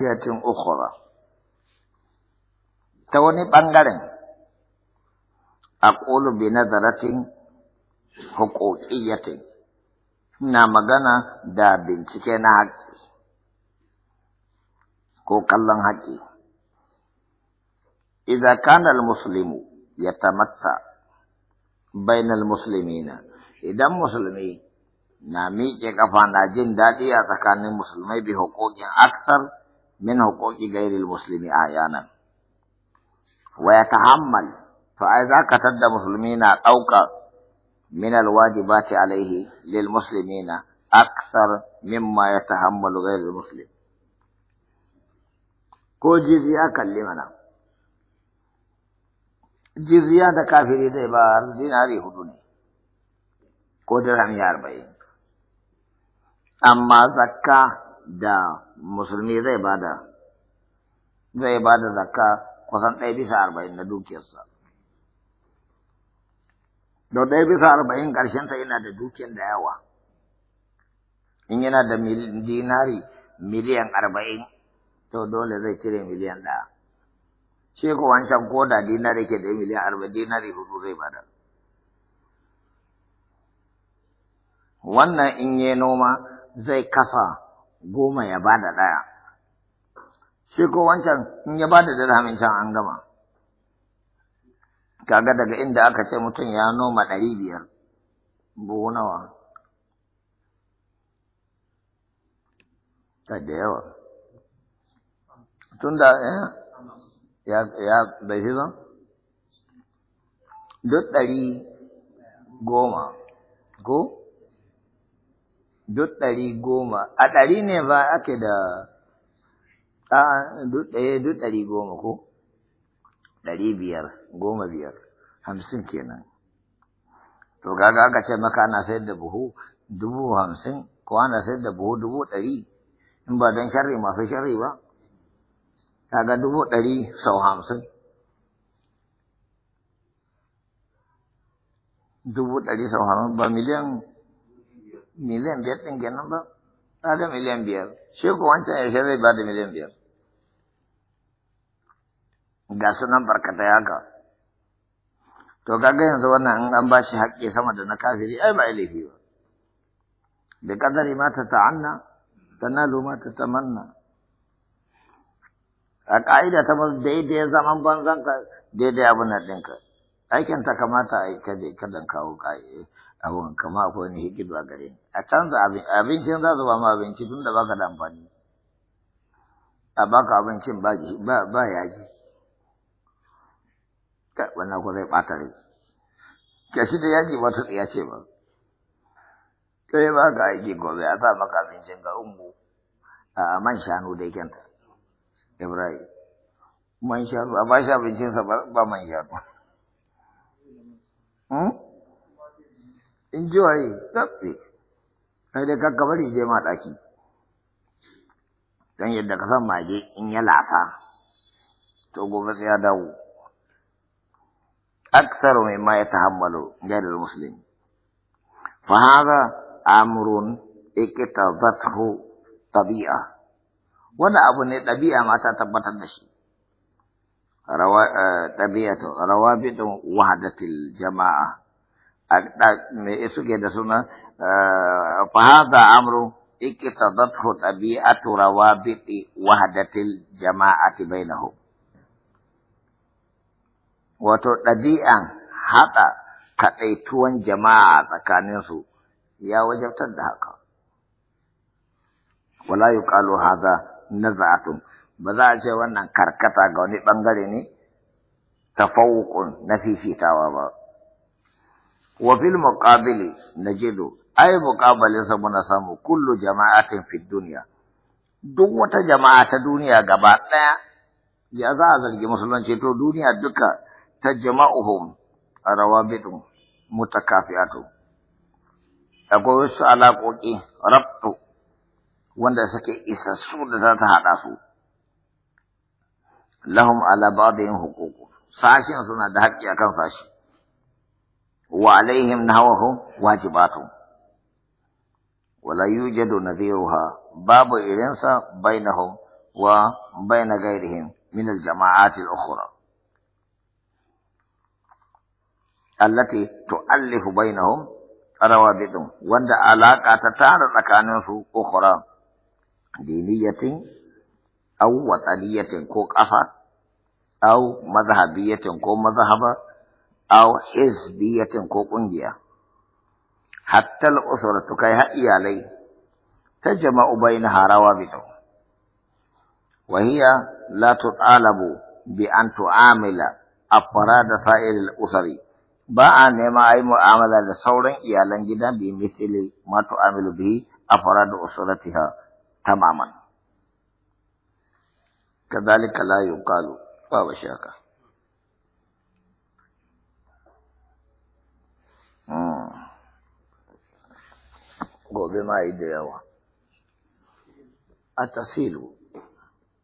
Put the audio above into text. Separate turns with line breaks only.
yatin ukhra ta wani bangaren aqulu bi nazaratin huquqiyyatin na magana da bincike na haƙƙi ko kallon haƙƙi idza kana al-muslimu yatamatta bainal muslimina idan musulmi na miƙe kafa na jin daɗi a tsakanin musulmai bi haƙoƙin aksar min huquqi ghairil a ayanan wa yatahammal to ai zaka tadda musulmi na dauka min alwajibati alaihi lil muslimina akthar mimma yatahammalu ghairil muslim ko jizya kalli mana jizya da kafiri zai ba zinari hudu ne ko dirham ya arba'in amma zakka da musulmi zai bada zai bada zakka kusan ɗaya bisa arba'in na dukiyarsa da ɗaya bisa arba'in ta yana da dukiyar da yawa in yana da dinari miliyan arba'in to dole zai cire miliyan ɗaya shi ko wancan ko da dinari ke da miliyan arba'in dinari hudu zai bada wannan in yi noma zai kafa goma ya ba da ɗaya. Shi ko wancan in ya ba da dirhamin can an gama. Kaga daga inda aka ce mutum ya noma ɗari biyar, buhu nawa. da yawa. Tun da eh, ya bai shi Duk ɗari goma, ko? duk ɗari goma, a ɗari ne ba ake da a duk ɗaya duk ɗari goma ko? Ɗari biyar, goma biyar, hamsin kenan. To gaga aka ce maka ana sayar da buhu dubu hamsin ko ana sayar da buhu dubu ɗari in ba don sharri masu sharri ba. Kaga dubu ɗari sau hamsin. Dubu ɗari sau hamsin ba miliyan miliyan biyar ɗin kenan ba ta ah, da miliyan biyar shi wancan yaushe zai ba da miliyan biyar ga sunan barkatai haka to kaga yanzu wannan in an bashi haƙƙi sama da na kafiri ai ba laifi ba bi qadari ma tata'anna tanalu ma tatamanna a ka'ida ta masu daidai zaman banzan ka daidai abin nan ɗinka aikin ta kamata a yi kaje kadan kawo abun kama akwai wani hikidu a gare ni a canza abincin za su ba ma abinci tun da baka da amfani a baka abincin ba yaji wannan ko zai bata rai shi da yaji ba ta tsiya ce ba sai ba ka aiki gobe a sa maka abincin ga umbu a man shanu da kyanta ibrahim man shanu a ba shi abincinsa ba man shanu hmm? In ji waye zaɓe? Kande ka gabar yin jema'a ɗaki. Don yadda ka san mage in yi la'asa. Togo batse ya dawo. Aksar mai ma ya ta amalo, ya yaɗu musulun. Fahamza Amurin ya ƙetare ɗabi'a. Wani abu ne ɗabi'a ma ta tabbatar da shi. Ɗabi'a to rawa eh, biɗin wahadda fili jama'a. me suke da suna fahaza amru ikitadathu tabi'atu rawabiti wahdatil jama'ati bainahum wato ɗabi'an haɗa kaɗaituwan jama'a tsakaninsu ya wajabtar da haka wala yuqalu hadha naz'atun ba za a ce wannan karkata ga wani bangare ne tafawuqun na fifitawa ba wa fil muqabili najidu ai muqabalin sa muna samu kullu jama'atin fid dunya duk wata jama'a ta duniya gaba daya ya za a zargi musulunci to duniya duka ta jama'uhum rawabitu mutakafiatu akwai wasu alaƙoƙi rabtu wanda suke isassu da za ta haɗa su lahum ala ba'dihim huquq sashin suna da haƙƙi akan sashi وعليهم نحوهم واجبات ولا يوجد نذيرها باب الانس بينهم وبين غيرهم من الجماعات الأخرى التي تؤلف بينهم روابطهم وند علاقة تتعرض أكانهم أخرى دينية أو وطنية كو قصر أو مذهبية كو مذهبة aw hizbiyatin ko kungiya hatta al-usratu kai ha iyalai tajma'u harawa rawabitu wa hiya la tut'alabu bi an tu'amila afrad sa'il al-usri ba a nema ai mu'amala da sauran iyalan gida bi misali ma tu'amilu bi afrad usratiha tamaman kadhalika la yuqalu wa washaka gobe ma yi da yawa. A tasilu.